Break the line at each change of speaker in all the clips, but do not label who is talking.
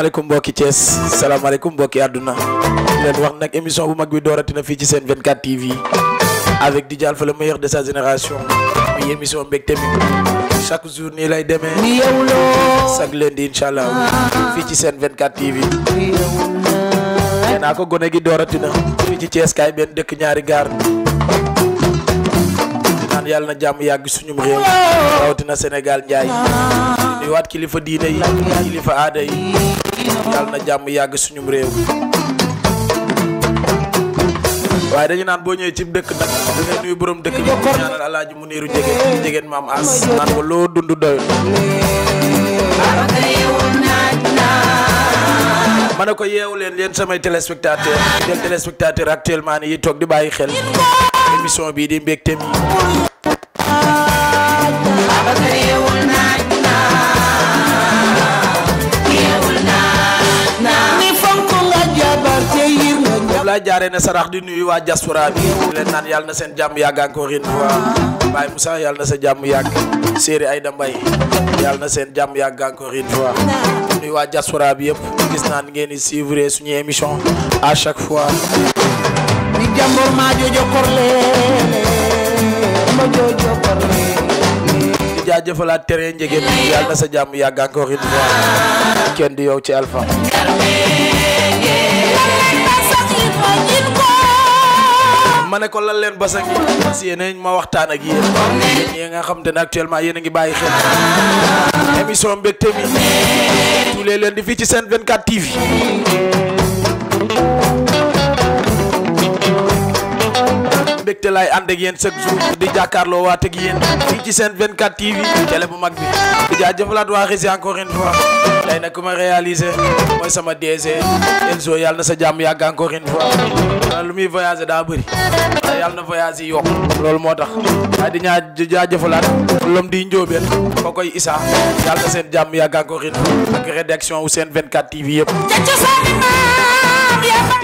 salaamaaleykum mbokki Thiès salaamaaleykum mbokki àdduna leen wax nag émission bu mag bi dooratina fii ci seen 24 TV avec Dj Alpha le meilleur de sa génération muy émission mbégte mi chaque jour nii lay demee chaque lundi incha fii ci seen 24 TV nee naa ko gone gi dooratina fii ci Thiès kaay benn dëkk ñaari gaar naan yàlla na jàmm yàgg suñum réew rawatina Sénégal njaay ah. nuyuwaat kilifa diine yi kilifa aada yi yàlla na jàmm yàgg suñum réew waaye dañu naan boo ñëwee ci dëkk nag da ngay nuyu borom dëkk bi ñaanal alaaji mu niiru jegeen jegeen maam as naan ko loo dund doyul ma ne ko yeewu leen yéen samay téléspectateur actuellement ni yi toog di bàyyi xel émission bii di mbégte mi la na ne di nuyu waa diaspora bi leen naan yàlla na seen jàmm yàgg encore une fois Baye Moussa yàlla na sa jàmm yàgg Séri Aïda Mbaye yàlla na seen fois di waa diaspora bi yëpp gis naan ngeen di suivre suñu émission à chaque fois. ni jàmbur maa joojo korle ma joojo korle. di jaajëfalaat terrain njëgeen yàlla na sa jàmm yàgg encore fois kenn du yow ci Alpha. ma ne ko lan leen basang yi si que yéen ma waxtaan ak yéen yéen nga xam te ne actuellement yéen a ngi bàyyi xel émission mbégte mi tous les lundis fii ci Sen 24 TV mbégte laay ànd ak yéen chaque jour di jàkkaarloo waat ak yéen fii ci seen 24 TV bu mag bi di jaajëfalaat waa Rési encore une fois tey nag ma réaliser mooy sama DG sa jàmm yàgg muy voyager daa bëri yàlla moo tax waaye di ñaa jaajëfalaat lom di njóobeen ko koy Issa yàlla na seen jàmm yàgg encore une fois ak rédaction wu seen 24 TV yëpp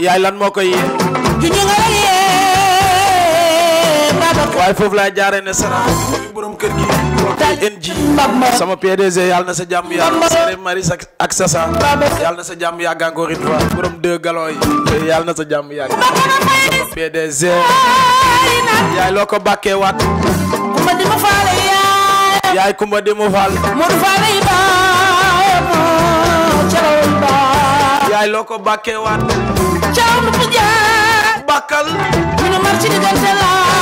yaay lan moo koy yéen waaye foofu laay jaaree ne Sara muy kër gi NG sama PDG yàlla na sa jàmm yàlla na sa jàmm yàgg encore une fois deux galons yi yàlla na sa jàmb yàgg sama PDG yaay loo ko bàkkee waat
kumba di ma faale yaay
yaay kumba di ma
yi
yaay loo ko bàkkee waat caraw bu jaay bàkkal ñu ne marché diggante la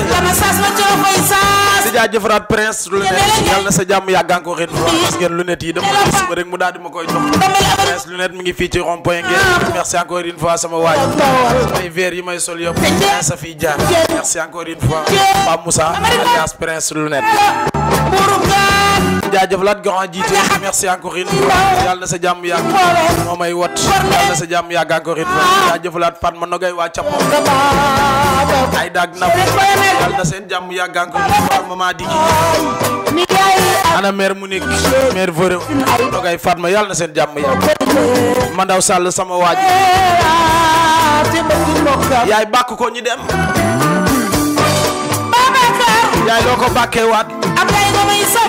dama
sas ma
prince lunette yàlla na sa jàmm yàggaan ko xeetu parce que lunette yi dama ko suma rek mu daal di ma koy jox prince lunette mi ngi fii ci rond point ngeen ah. merci encore une sama waaj may verre yi may sol yëpp prince a fii jaar merci encore une fois Pape Moussa alias prince lunette jaajëfalaat goxan jiite merci encore une fois na sa jàmm yàgg moo may wat yàlla na sa jàmm yàgg encore une fois jaajëfalaat Pat ma nogay waa capo ay daag na yàlla na seen jàmm yàgg encore une fois mama digi ana mère Monique mère Vore nogay Fatma yàlla na seen jàmm yàgg Mandaw Sall sama waaj yaay bàkk ko ñu dem yaay loo ko bàkkee waat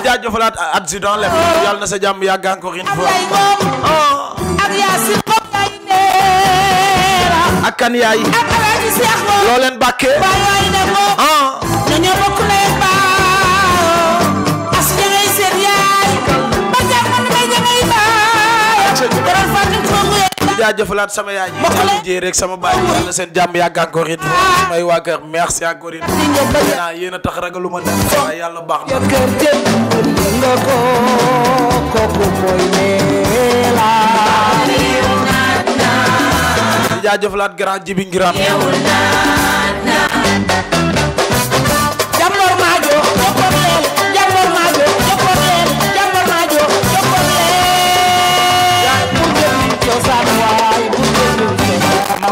jaajëfalaat adjudant lem yàlla na sa jàmm yàgg encore une fois oh. ak kan yaay loo leen bàkkee
ah oh. dañoo bokk lay baaw as jangay seen yaay ba jàmm may baaw
di jaajëfalaat sama yaay yi di jëy sama baay yi yàlla seen jàmm yàgg encore it ah. may waa kër merci encore naa yéen a tax ragalu ma dem waaye yàlla baax
na nga ko kooku mooy
neela di jaajëfalaat grand jibi ngiraam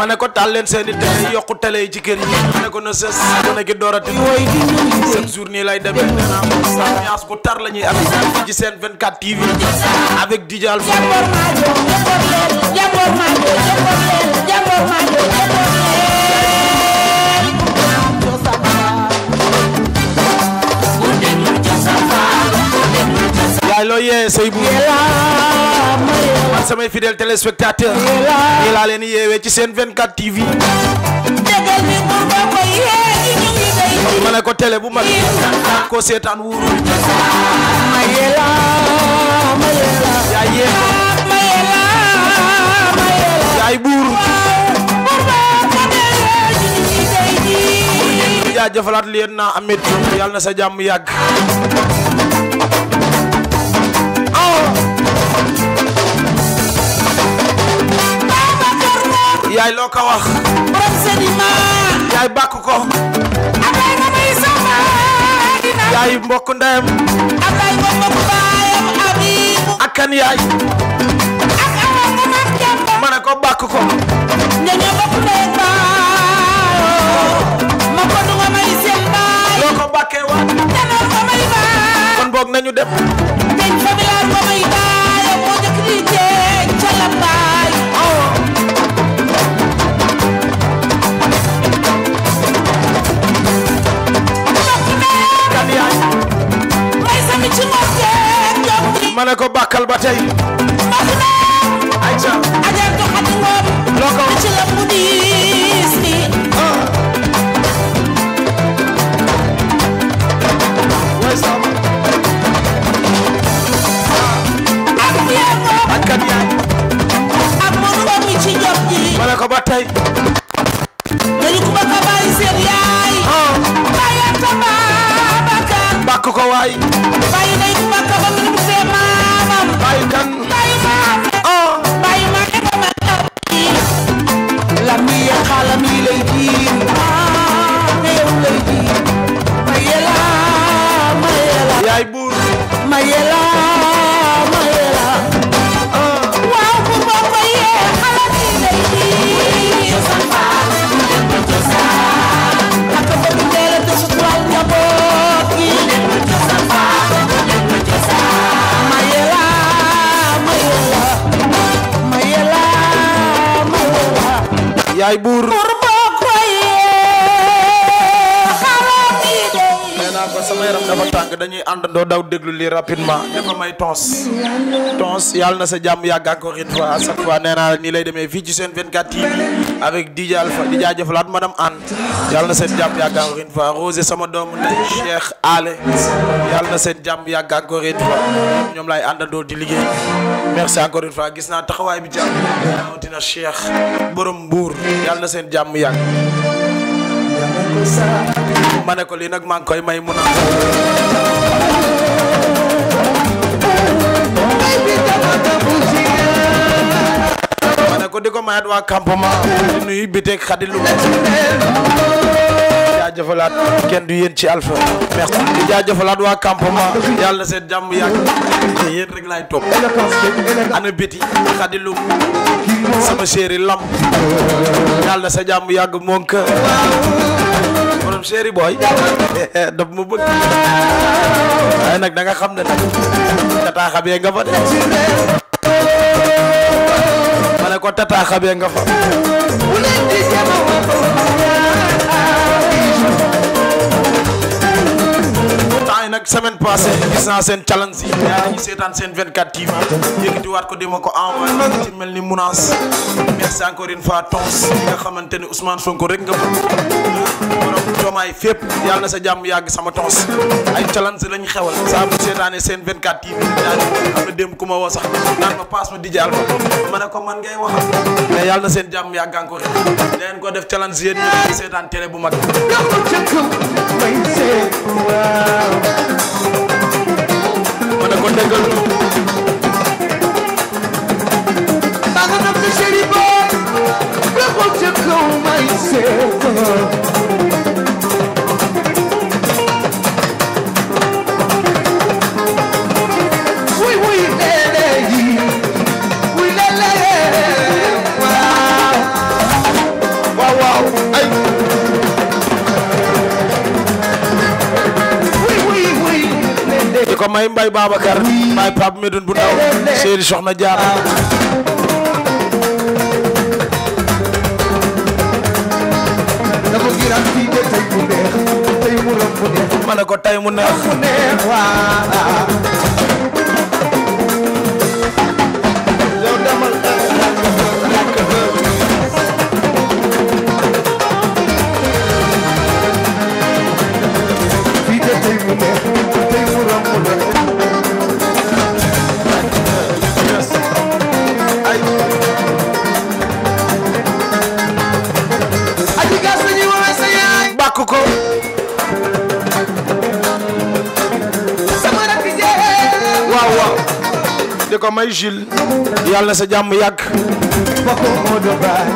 ma ne ko taal leen seen i télé yokku télé yi ci kër yi ma ne ko na sës ma ne ki doorati chaque jour nii lay demee danaa moom ambiance bu tar lañuy ñuy am ci seen 24 TV avec Dj Alpha yaay loo yee sëy bu man samay fidèle téléspectateur yi laa leen yeewee ci seen 24 TV ma ne ko télé bu mag ko seetaan wuuru mayela mayela yaay yee mayela yaay buur jaajëfalaat leen na amit yàlla na sa jàmm yàgg yaay loo ko wax. borom Sedima. yaay bàkk ko. Ablaye ma may sama yaay mbokk ndeyam. Ablaye moom mbokk baayam Habib. ak kan yaay. ak awa ma ne ko bàkk ko. ñoo bokk ndey ak baayoo. ma ko du may seen baay. loo ko bàkkee waat. danoo may baay. kon boog nañu dem. dañ fa may ma ne ko bàkkal ba tey.
ayca. loo ko wax. waay sama.
ak kat yaay. ma ne ko ba tey. Ah. bàkk ko waay. àndandoo daw déglu lii rapidement dafa tons tons yàlla na sa jàmm yàgg encore une chaque fois nee naa lay demee fii ci seen 24 TV avec DJ Alpha di jaajëfalaat madame Anne yàlla na seen jàmm yàgg encore une fois sama doom ndey Cheikh Ale yàlla na seen jàmm yàgg encore une ñoom laay àndandoo di liggéey merci gis naa taxawaay bi jàmm rawatina Cheikh borom Mbour yàlla na seen jàmm yàgg ma ne ko lii nag maa koy may mun a ko di ko mayaat waa campement di nuyu Biteek Khady Loum jaajëfalaat kenn du yéen ci Alpha merci di jaajëfalaat waa campement yàlla na sa jàmm yàgg moom kër booy daf ma bëgg waaye nag da xam ne nag kataaxa bee nga fa de ko tata xabe nga fa temps yi nag semaine passée gis naa seen challenge yi yaa ngi seetaan seen 24 TV yëkkatiwaat ko dima ko envoyé ci mel ni Mounas merci encore une fois tons nga xamante ne Ousmane Sonko rek nga bëgg jomaay fépp yàlla na sa jàmm yàgg sama toos ay challenge lañ xewal saa bu seetaane seen 24 TV daal am na démb ku ma woo sax naan ma paas ma di jaal ko ma ne ko man ngay waxal mais yàlla seen jàmm yàgg encore leen ko def challenge yéen ñu seetaan télé bu mag
ma ko dëggal Baga na fi sheri boy,
may mbay Babacar mbay Pape Medoune bu ndaw séeri soxna Jaara ma ne ko tey mu neex Baye Jules yàlla na sa jàmm yàgg bokk Modou Baye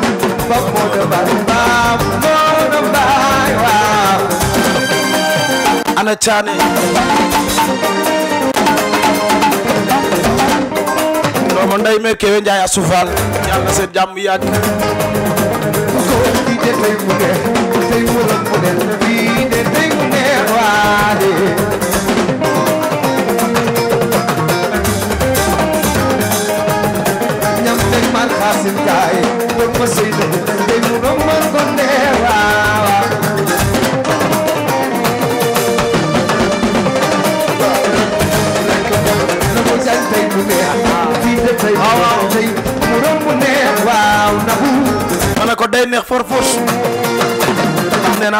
bokk Modou Baye baa Modou Baye waaw ana caane doomu ndey mee kewe Njaay asufaal yàlla na sa jàmm yàgg bokk
Xaadim Njaay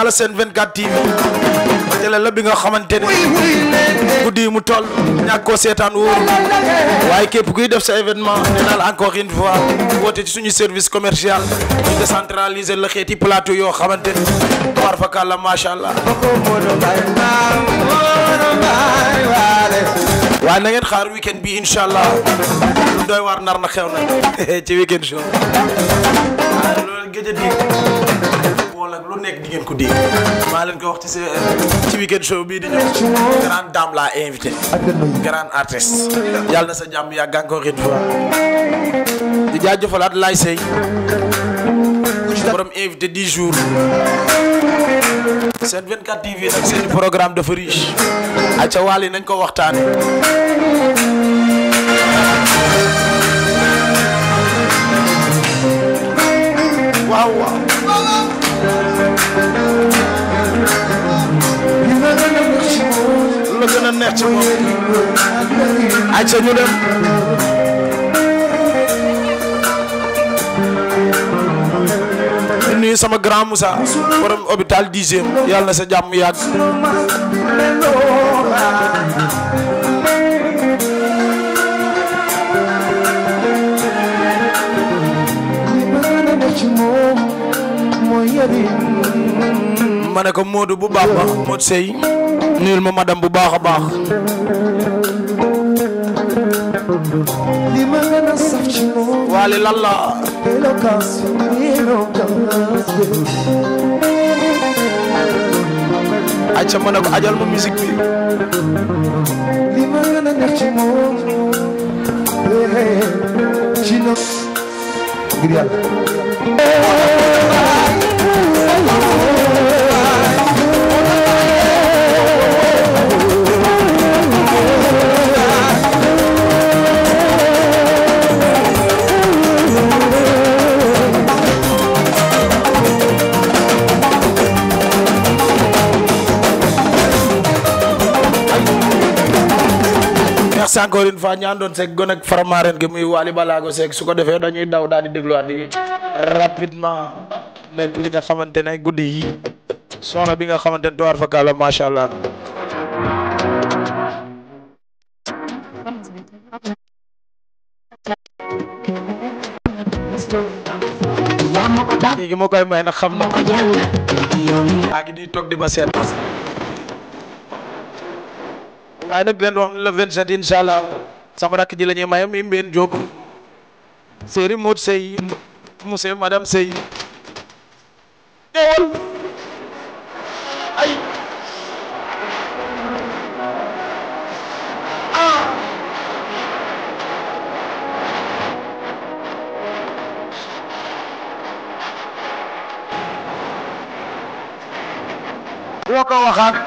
wala seen 24 TV télé la bi nga xamante ne guddi mu toll ñàkk koo seetaan wóor waaye képp kuy def sa événement nee encore une fois woote ci suñu service commercial ñu décentraliser la xeeti plateau yoo xamante ne war fa kàlla macha allah. waaye na ngeen xaar weekend bi incha allah lu doy waar nar na xew na ci weekend show. nekk di ngeen ko dégg maa leen ko wax ci ci weekend show bii di ñëw grande dame laa invité grande yàlla na sa jàmm yàgg encore une fois di jaajëfalaat lay sey borom invité 10 jours seen 24 TV nag seen programme dafa riche ay waal yi nañ ko waxtaane
waaw waaw
lu gën a neex ci moom ay ca ñu sama grand Moussa borom hôpital dixième yàlla na sa jàmm yàgg mooy ma ko Modou bu baax baax Modou Seye nuyul ma madame bu baax a baax
waale lan la
ko ajal ma musique bi
li ma gën a neex ci moom
merci encore une fois ñandon c'est gon ak farmaren gi muy wali Balago Seck su ko defee dañuy daw dal di deglu wat yi rapidement mais li nga xamantene ay goudi yi soxna bi nga xamantene ne fa kala ma sha allah léegi moo koy may nag xam na maa ngi di tok di ma seet waaye nag benn wax le 27 incha allah sama rakk ji la ñuy mayam mi mbeen Diop séeri Modou Sey monsieur Sey
ñëwal ay ah. boo ko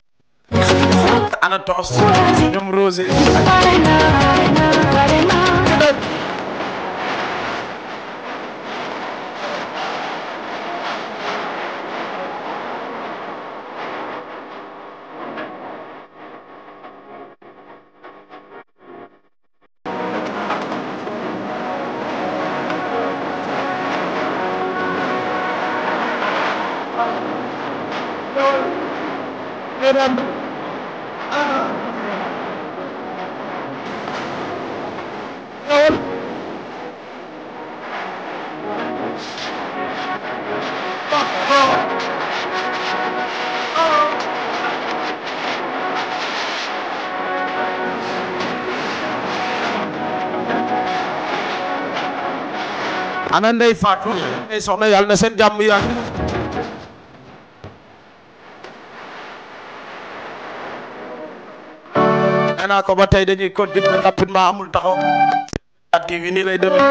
Anatos ñoom Rosé ana ndey Fatou ay e soxna yàlla na seen jàmm yaa nee naa ko ba tey dañuy continuer rapidement amul taxaw at TV nii lay demee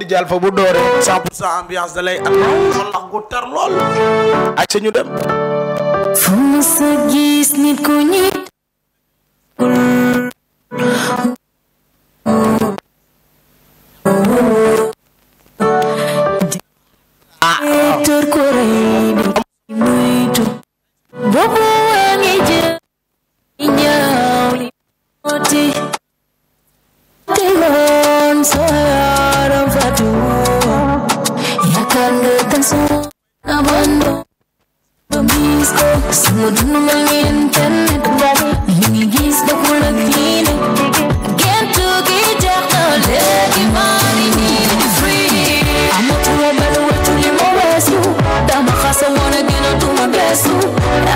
di jàll fa bu dooree cent pour cent ambiance da lay at man lax gu tar lool ak ñu dem
fu sa gis nit ku ñi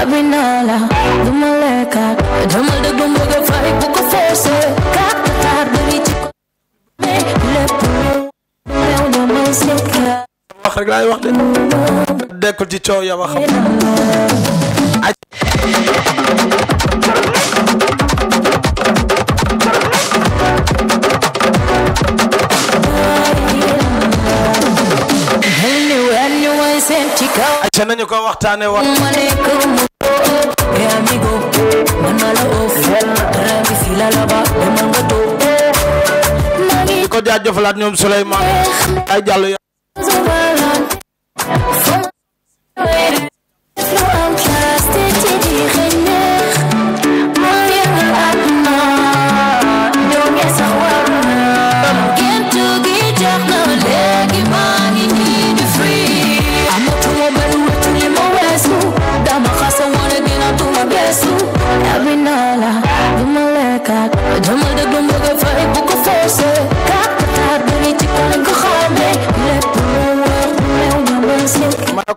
tribunal la du ma lekkaat dama déglu mu bëgg fay bu ko forcé kàttaar bari ci ko lépp réew damay sekkaat wax rek
laay wax de dekkul ci coow yow a xam acca nañu ko waxtaane wax di ko jaajëfalaat ñoom Souleymane eh, ay jàll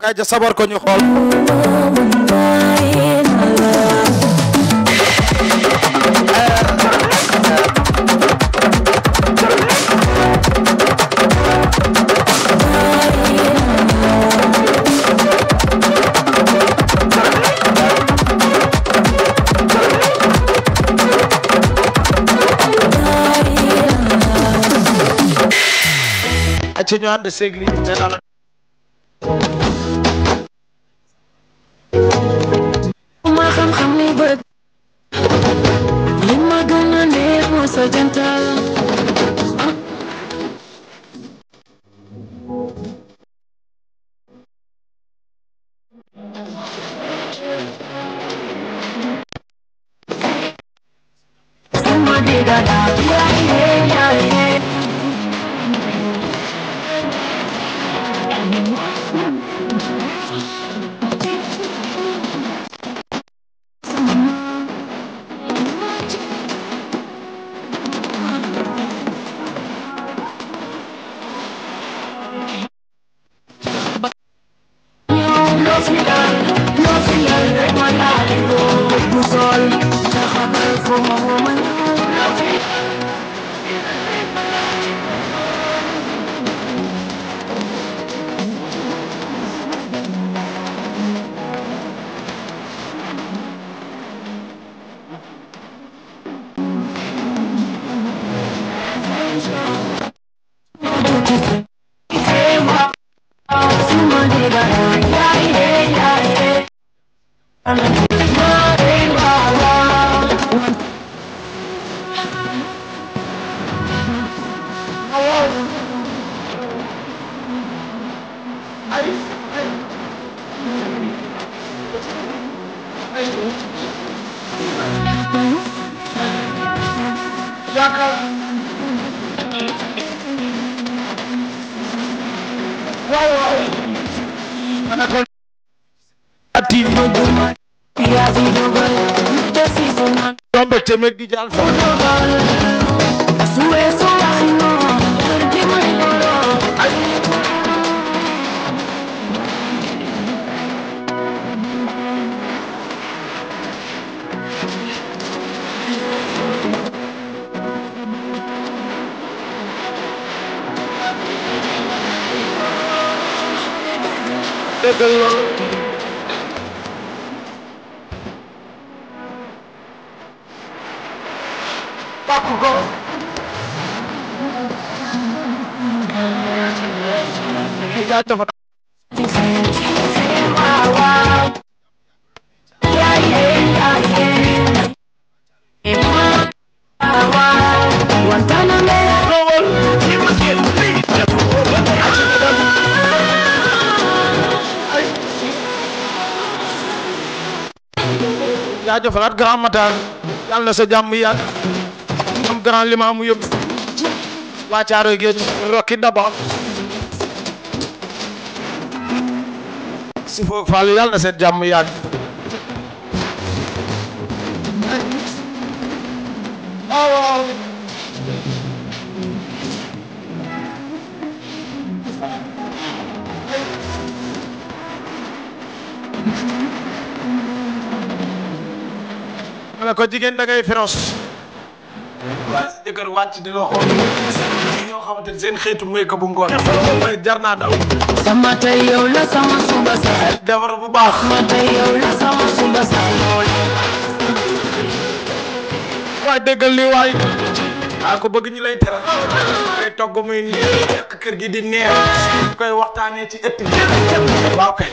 I just sabar ko ñu xool
ci ñu ànd
Thank you. bakalım. Vallahi. Bana kon. Atayım.
Tam beklemek güzel.
Suez kalın.
jaajëfalaat grand Matar yàlla na sa jàmm yàgg am grand limaamu yëpp waa Caaroy Géej rokki daba si foofu Fallou yàlla na seen jàmm yàgg
ah, waaw waaw mu
ko jigen da ngay féroce. waaye de keur wacc di la xool ñoo xamante ne seen xéetu muy ko bu ngor mooy jarna daw. sama tay yow la sama suba sax. defar bu baax. sama tay yow la sama suba sax. waay déggal li way ako bëgg ñu lay téra koy togg muy ak kër gi di neex. koy waxtane ci ëtt waaw kay.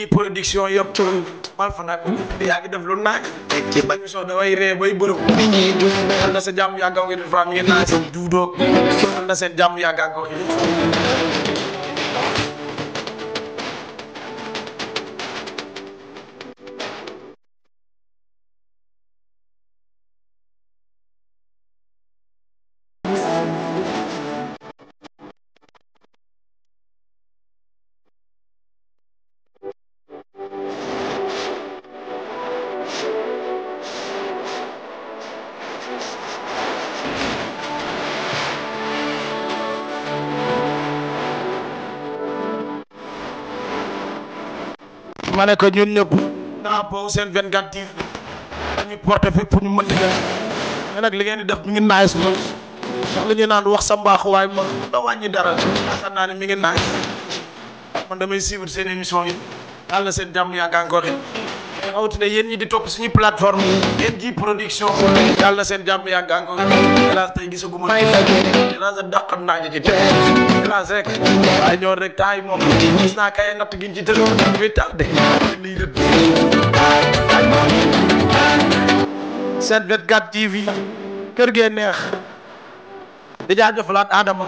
ci production yëpp turum mal fa nag yaa def lu naag ci bañ so da way ree bay bërëb am na sa jàmm yàggaw ngi def am ngi naa si duudoo am na seen jàmm yàggaw ngi ma ne ko ñun ñëpp naa boobu seen 24 TV dañuy porté fépp pour ñu mënti gën nag li ngeen di def mu ngi naaj si loolu ndax li ñuy naan wax sa mbaax waaye ma da wàññi dara yaakaar naa ne mi ngi naaj man damay suivre seen émission yi daal seen jàmm yaa ngi yi rawatina yéen ñi di topp suñu plateforme NJ Production yàlla na seen jàmm yàgg encore hélas tey
gisaguma hélas a dàqam naa ci te hélas rek waaye ñoo rek temps
moom gis naa kay natt gi ci tëdd muy TV kër gee neex di jaajëfalaat Adama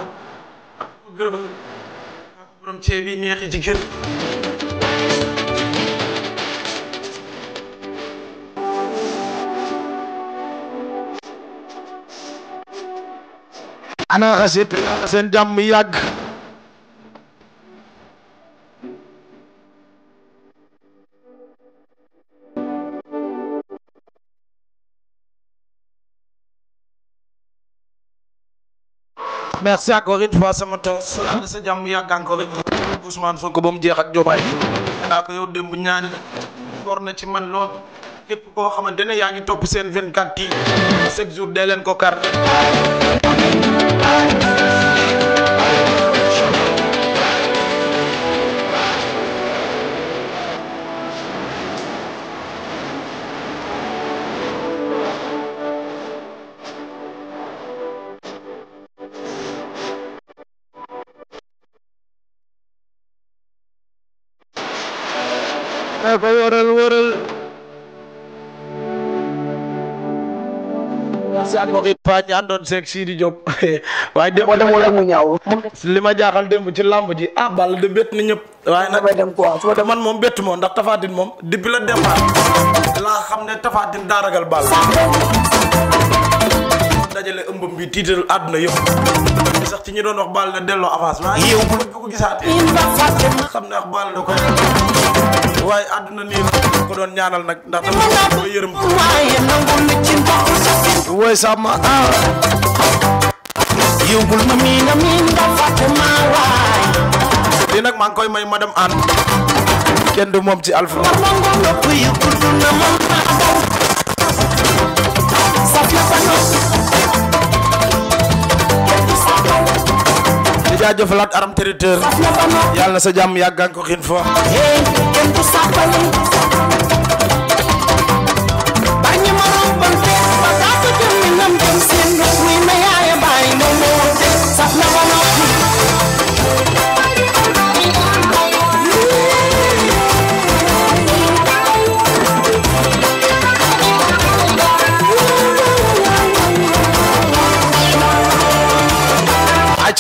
borom ceeb yi neexi ci ana rasip sen jam yag merci encore une fois sama toog sa jàmm yàgg encore Ousmane Sonko ba jeex ak Diomaye naa ko yow ñaan ci man lool képp koo xamante ne yaa ngi topp seen 24 yi chaque jour dee leen ko kar Mokhit Fagne ñu àndoon seeg Sidi Diop waaye démb mu ñaaw li ma jaaxal démb ci làmb ji ah Balla de bett na ñëpp waaye nag dem ko su ma dem man moom bett moom ndax Tapha moom depuis le départ laa xam ne Tapha daa ragal Balla dajale ëmbam bi tiital àdduna yëpp sax ci ñi doon wax baal na delloo avancement yow bu ko gisaatee xam naa baal da koy waaye àdduna nii ko doon ñaanal nag ndax dama ko yërëm sama ah yow bul ma miin a miin nga Fatima waay lii nag maa koy may du ci jaajëfalaat aram territeur yàlla na sa jàmm yàggaan ko xin fa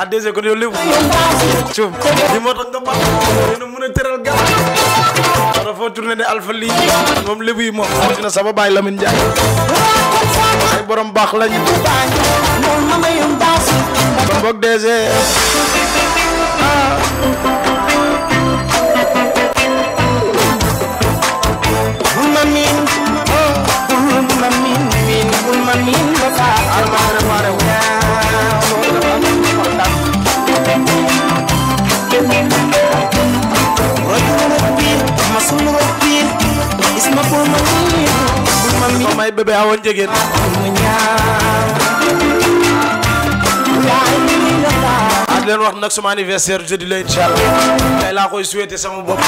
ah dèjà kon yow lépp suuf li moo tax nga mën a mën a tëral gàll. dara foo tourné ne alpha lii moom lébu yi moom xamante ne sama baay Lamine Ndiaye ay borom baax lañu. kon boog dèjà ah. yaay bébé awoon jegeen ak leen wax nag suma anniversaire jeudi la inchallah tey laa koy souhaité sama bopp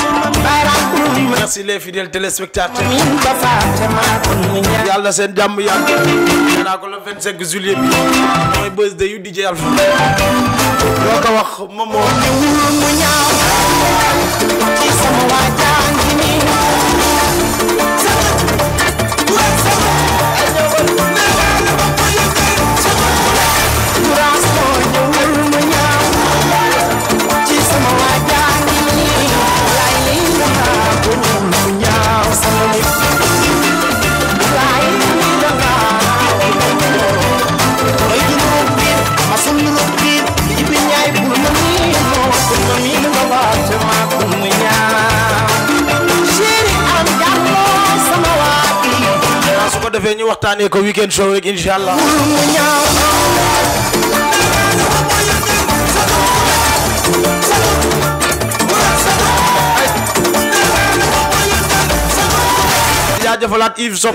merci les fidèles téléspectateurs yàlla na seen jàmm yàgg nee naa ko le 25 juillet bi mooy bés de yu DJ Alpha
loo ko wax moom moo
waxtaanee ko weekend show rek incha allah. jaajëfalaat Yves Sop.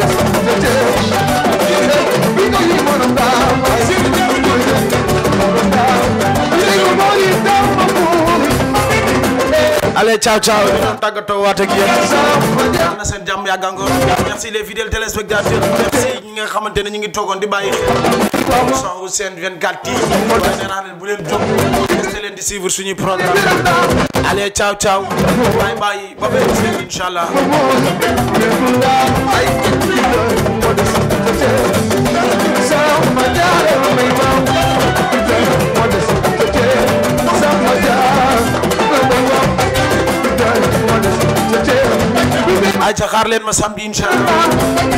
Yes, yes, yes. We know you wanna die. allez
ciao ciao doon tàggatoo waat ak yéen
na seen jàmm yàgg
encore merci les fidèles téléspectateurs merci ñi nga xamante ne ñu ngi toogoon di bàyyi xel son Sen 24 TV waaye nee naa leen bu leen jóg resté leen di suivre suñu programme allez ciao ciao bye bye ba benn semaine inchallah
ay ca xaar leen ma samedi incha allah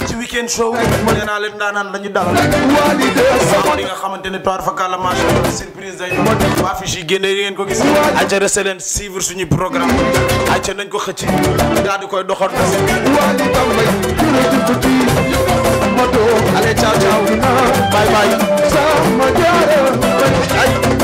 ci
weekend show nee naa leen daanaan la ñu dalal waaw li nga xamante ne toir fa kàlla macha allah surprise day doon affiche yi génne ngeen ko gis ay ca resté leen suivre suñu programme ay ca nañ ko xëcc daal di
koy doxal